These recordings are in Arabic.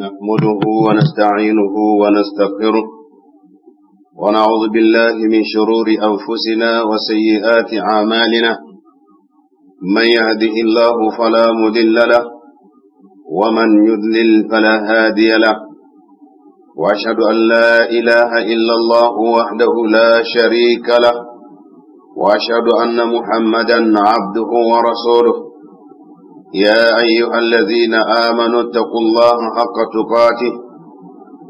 نحمده ونستعينه ونستغفره ونعوذ بالله من شرور أنفسنا وسيئات أعمالنا من يهده الله فلا مدل له ومن يذلل فلا هادي له وأشهد أن لا إله إلا الله وحده لا شريك له وأشهد أن محمدا عبده ورسوله يا أيها الذين آمنوا اتقوا الله حق تقاته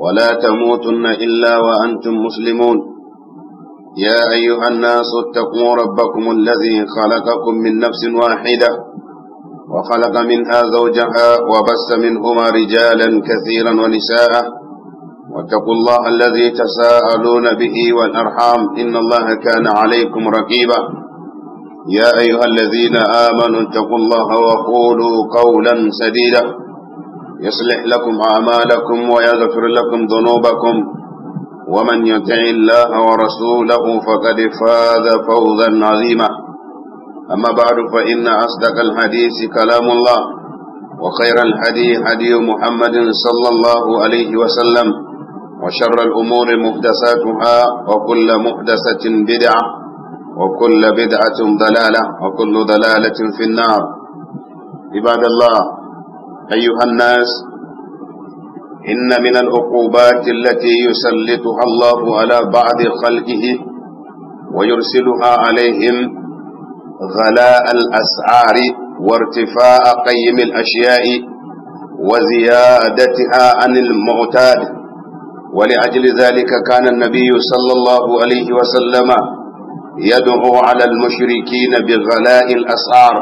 ولا تموتن إلا وأنتم مسلمون يا أيها الناس اتقوا ربكم الذي خلقكم من نفس واحدة وخلق منها زوجها وبس منهما رجالا كثيرا ونساء واتقوا الله الذي تساءلون به والأرحام إن الله كان عليكم رقيبا يا أيها الذين آمنوا اتقوا الله وقولوا قولا سديدا يصلح لكم أعمالكم ويغفر لكم ذنوبكم ومن يطع الله ورسوله فقد فاز فوزا عظيما أما بعد فإن أصدق الحديث كلام الله وخير الحديث حديث محمد صلى الله عليه وسلم وشر الأمور محدثاتها وكل محدثة بدعة وكل بدعة ضلالة وكل ضلالة في النار عباد الله أيها الناس إن من العقوبات التي يسلطها الله على بعض خلقه ويرسلها عليهم غلاء الأسعار وارتفاع قيم الأشياء وزيادتها عن المعتاد ولأجل ذلك كان النبي صلى الله عليه وسلم يدعو على المشركين بغلاء الأسعار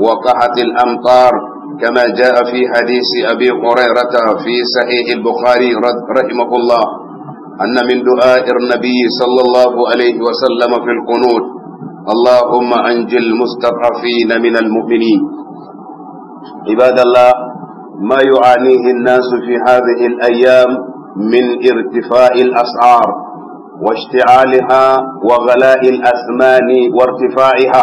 وقحة الأمطار كما جاء في حديث أبي هريرة في صحيح البخاري رحمه الله أن من دعاء النبي صلى الله عليه وسلم في القنوت اللهم أنجل المستضعفين من المؤمنين عباد الله ما يعانيه الناس في هذه الأيام من ارتفاع الأسعار واشتعالها وغلاء الأثمان وارتفاعها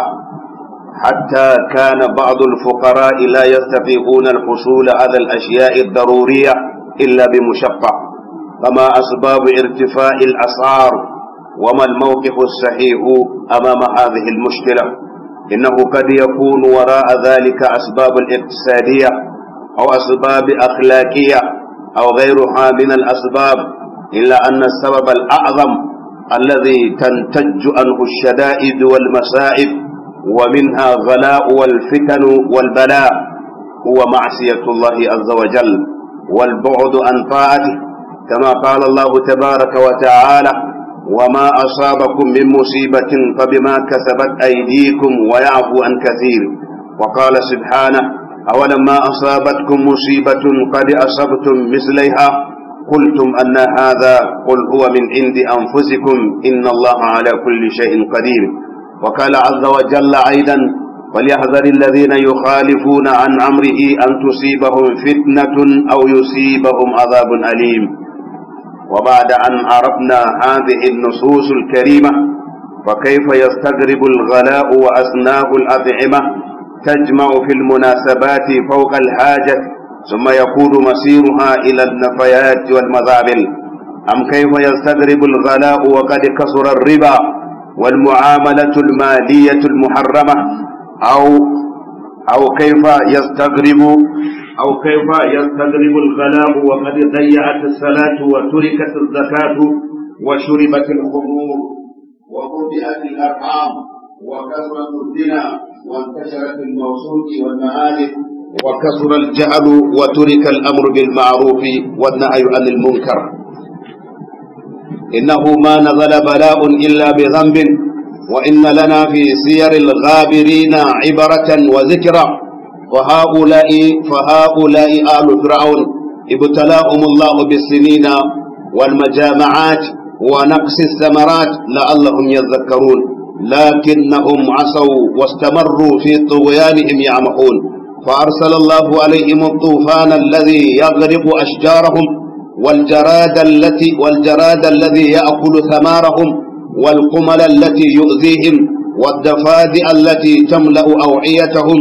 حتى كان بعض الفقراء لا يستطيعون الحصول على الأشياء الضرورية إلا بمشقة فما أسباب ارتفاع الأسعار وما الموقف الصحيح أمام هذه المشكلة إنه قد يكون وراء ذلك أسباب الاقتصادية أو أسباب أخلاقية أو غيرها من الأسباب إلا أن السبب الأعظم الذي تنتج عنه الشدائد والمصائب ومنها غلاء والفتن والبلاء هو معصية الله عز وجل والبعد عن طاعته كما قال الله تبارك وتعالى وما أصابكم من مصيبة فبما كسبت أيديكم ويعفو عن كثير وقال سبحانه أولما أصابتكم مصيبة قد أصبتم مثليها قلتم أن هذا قل هو من عند أنفسكم إن الله على كل شيء قدير وقال عز وجل أيضا فليحذر الذين يخالفون عن أمره أن تصيبهم فتنة أو يصيبهم عذاب أليم وبعد أن عرفنا هذه النصوص الكريمة فكيف يستغرب الغلاء وأصناف الأطعمة تجمع في المناسبات فوق الحاجة ثم يكون مسيرها إلى النفايات والمذابل أم كيف يستغرب الغلاء وقد كسر الربا والمعاملة المالية المحرمة أو أو كيف يستغرب أو كيف يستغرب الغلاء وقد ضيعت الصلاة وتركت الزكاة وشربت الخمور وقطعت الأرحام وكثرت الزنا وانتشرت الموسوس والمهالك وكثر الجهل وترك الأمر بالمعروف والنهي عن المنكر إنه ما نزل بلاء إلا بذنب وإن لنا في سير الغابرين عبرة وذكرى وهؤلاء فهؤلاء آل فرعون ابتلاهم الله بالسنين والمجامعات ونقص الثمرات لعلهم يذكرون لكنهم عصوا واستمروا في طغيانهم يعمقون فأرسل الله عليهم الطوفان الذي يغرق أشجارهم والجراد التي والجراد الذي يأكل ثمارهم والقمل التي يؤذيهم والضفادع التي تملأ أوعيتهم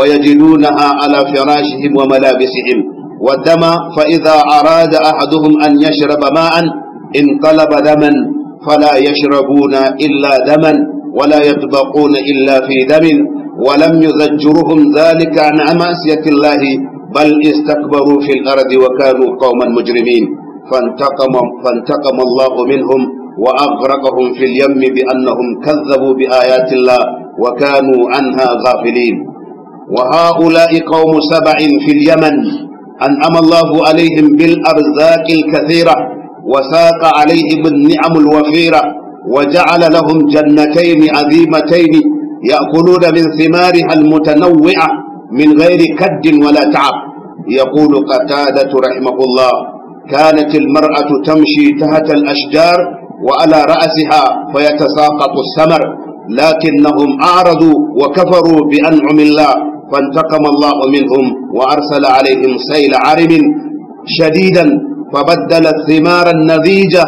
ويجدونها على فراشهم وملابسهم والدم فإذا أراد أحدهم أن يشرب ماء انقلب دما فلا يشربون إلا دما ولا يطبقون إلا في دم ولم يزجرهم ذلك عن عماسية الله بل استكبروا في الأرض وكانوا قوما مجرمين فانتقم, فانتقم الله منهم وأغرقهم في اليم بأنهم كذبوا بآيات الله وكانوا عنها غافلين وهؤلاء قوم سبع في اليمن أنعم الله عليهم بالأرزاق الكثيرة وساق عليهم النعم الوفيرة وجعل لهم جنتين عظيمتين يأكلون من ثمارها المتنوعة من غير كد ولا تعب يقول قتادة رحمه الله كانت المرأة تمشي تحت الأشجار وعلى رأسها فيتساقط السمر لكنهم أعرضوا وكفروا بأنعم الله فانتقم الله منهم وأرسل عليهم سيل عرم شديدا فبدل الثمار النذيجة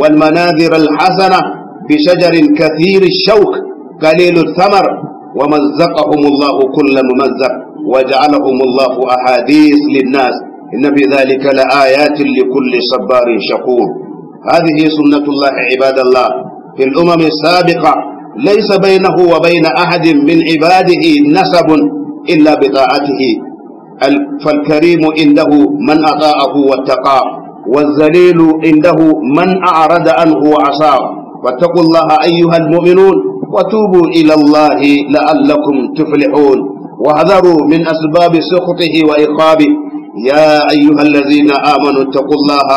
والمناذر الحسنة بشجر كثير الشوك قليل الثمر ومزقهم الله كل ممزق وجعلهم الله أحاديث للناس إن في ذلك لآيات لكل صبار شكور هذه سنة الله عباد الله في الأمم السابقة ليس بينه وبين أحد من عباده نسب إلا بطاعته فالكريم عنده من أطاعه واتقاه والذليل عنده من أعرض عنه وعصاه فاتقوا الله أيها المؤمنون وتوبوا إلى الله لعلكم تفلحون واحذروا من أسباب سخطه وإقابه يا أيها الذين آمنوا اتقوا الله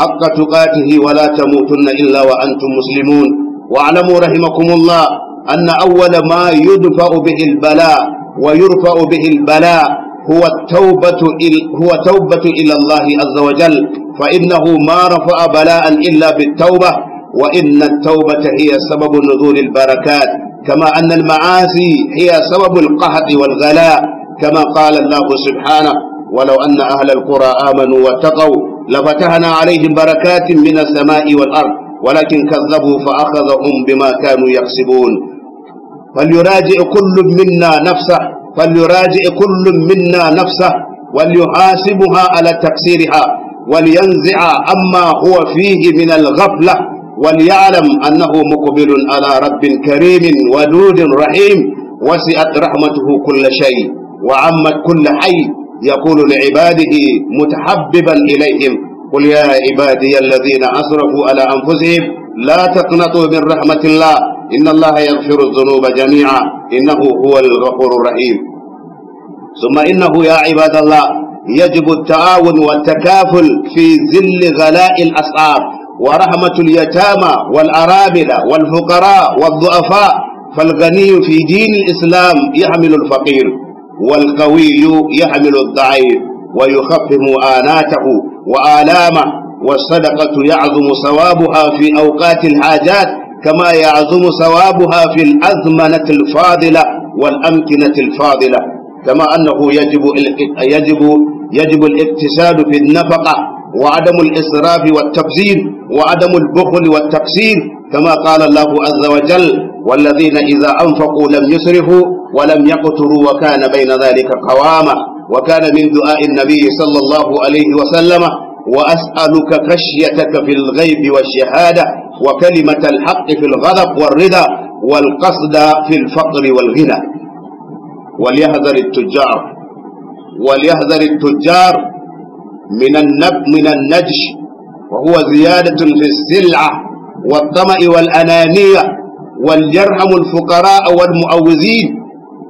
حق تقاته ولا تموتن إلا وأنتم مسلمون واعلموا رحمكم الله أن أول ما يدفع به البلاء ويرفع به البلاء هو التوبة هو توبة إلى الله عز وجل فإنه ما رفع بلاء إلا بالتوبة وإن التوبة هي سبب نزول البركات كما أن المعاصي هي سبب القهد والغلاء كما قال الله سبحانه ولو أن أهل القرى آمنوا واتقوا لفتحنا عليهم بركات من السماء والأرض ولكن كذبوا فأخذهم بما كانوا يكسبون فليراجع كل منا نفسه فليراجع كل منا نفسه وليحاسبها على تقصيرها ولينزع عما هو فيه من الغفلة وليعلم أنه مقبل على رب كريم ودود رحيم وسعت رحمته كل شيء وعمت كل حي يقول لعباده متحببا إليهم قل يا عبادي الذين أسرفوا على أنفسهم لا تقنطوا من رحمة الله إن الله يغفر الذنوب جميعا إنه هو الغفور الرحيم ثم إنه يا عباد الله يجب التعاون والتكافل في ذل غلاء الأسعار ورحمة اليتامى والأرابل والفقراء والضعفاء فالغني في دين الإسلام يحمل الفقير والقوي يحمل الضعيف ويخفف آناته وآلامه والصدقة يعظم ثوابها في أوقات الحاجات كما يعظم ثوابها في الأزمنة الفاضلة والأمكنة الفاضلة كما أنه يجب يجب يجب الاقتصاد في النفقة وعدم الإسراف والتبذير وعدم البخل والتقصير كما قال الله عز وجل والذين إذا أنفقوا لم يسرفوا ولم يقتروا وكان بين ذلك قواما وكان من دعاء النبي صلى الله عليه وسلم وأسألك خشيتك في الغيب والشهادة وكلمة الحق في الغضب والرضا والقصد في الفقر والغنى وليحذر التجار وليحذر التجار من النب من النجش وهو زيادة في السلعة والطمأ والأنانية وليرحم الفقراء والمؤوزين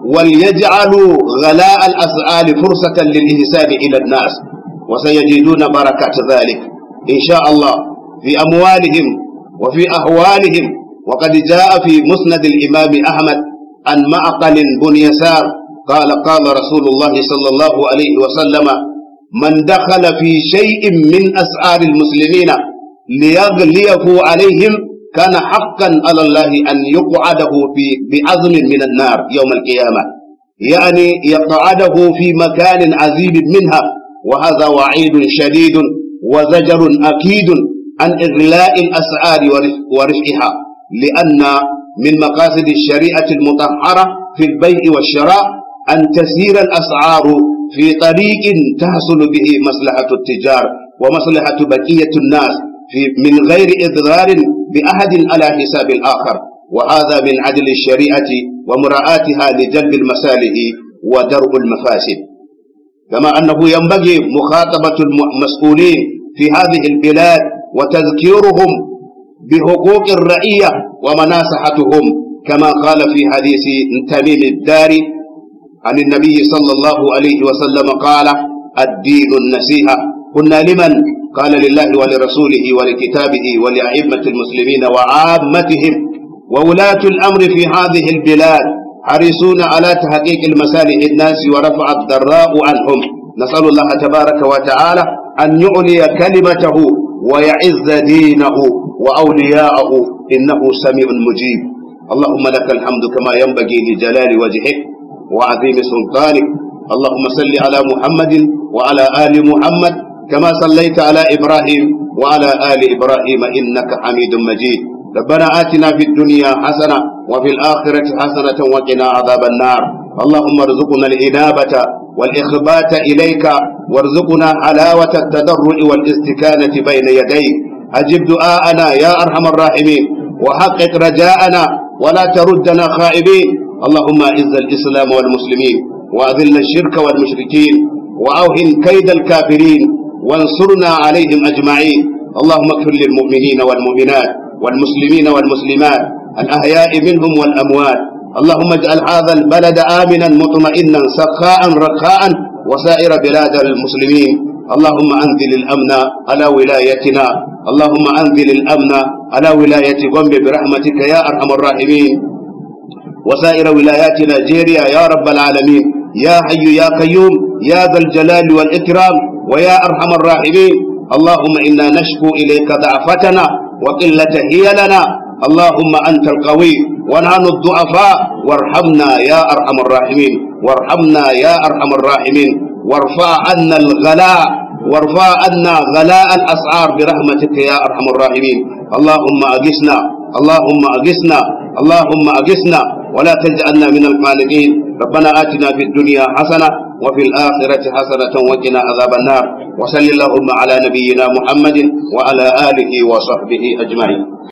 وليجعلوا غلاء الأسعال فرصة للإحسان إلى الناس وسيجدون بركة ذلك إن شاء الله في أموالهم وفي أهوالهم وقد جاء في مسند الإمام أحمد عن معقل بن يسار قال قال رسول الله صلى الله عليه وسلم من دخل في شيء من أسعار المسلمين ليغليه عليهم كان حقا على الله أن يقعده في بعظم من النار يوم القيامة يعني يقعده في مكان عزيب منها وهذا وعيد شديد وزجر أكيد عن إغلاء الأسعار ورفعها لأن من مقاصد الشريعة المطهرة في البيع والشراء أن تسير الأسعار في طريق تحصل به مصلحة التجار ومصلحة بقية الناس في من غير إضرار بأحد على حساب الآخر وهذا من عدل الشريعة ومراعاتها لجلب المصالح ودرء المفاسد كما أنه ينبغي مخاطبة المسؤولين في هذه البلاد وتذكيرهم بحقوق الرعية ومناصحتهم كما قال في حديث تميم الداري عن النبي صلى الله عليه وسلم قال الدين النسيحة قلنا لمن قال لله ولرسوله ولكتابه ولأئمة المسلمين وعامتهم وولاة الأمر في هذه البلاد حريصون على تحقيق المسالح الناس ورفع الضراء عنهم نسأل الله تبارك وتعالى أن يعلي كلمته ويعز دينه وأولياءه إنه سميع مجيب اللهم لك الحمد كما ينبغي لجلال وجهك وعظيم سلطانك اللهم صل على محمد وعلى آل محمد كما صليت على إبراهيم وعلى آل إبراهيم إنك حميد مجيد ربنا آتنا في الدنيا حسنة وفي الآخرة حسنة وقنا عذاب النار اللهم ارزقنا الإنابة والإخبات إليك وارزقنا حلاوة التدرع والاستكانة بين يديك أجب دعاءنا يا أرحم الراحمين وحقق رجاءنا ولا تردنا خائبين اللهم أعز الإسلام والمسلمين وأذل الشرك والمشركين وأوهن كيد الكافرين وانصرنا عليهم أجمعين اللهم اكفر للمؤمنين والمؤمنات والمسلمين والمسلمات الأحياء منهم والأموات اللهم اجعل هذا البلد آمنا مطمئنا سخاء رخاء وسائر بلاد المسلمين اللهم أنزل الأمن على ولايتنا اللهم أنزل الأمن على ولاية غمب برحمتك يا أرحم الراحمين وسائر ولايات نيجيريا يا رب العالمين يا حي يا قيوم يا ذا الجلال والإكرام ويا أرحم الراحمين اللهم إنا نشكو إليك ضعفتنا وقلة هيلنا اللهم أنت القوي ونحن الضعفاء وارحمنا يا أرحم الراحمين وارحمنا يا أرحم الراحمين وارفع عنا الغلاء وارفع عنا غلاء الأسعار برحمتك يا أرحم الراحمين اللهم أجسنا اللهم أجسنا اللهم أجسنا ولا تجعلنا من القانطين ربنا آتنا في الدنيا حسنة وفي الآخرة حسنة وقنا عذاب النار وصل اللهم على نبينا محمد وعلى آله وصحبه أجمعين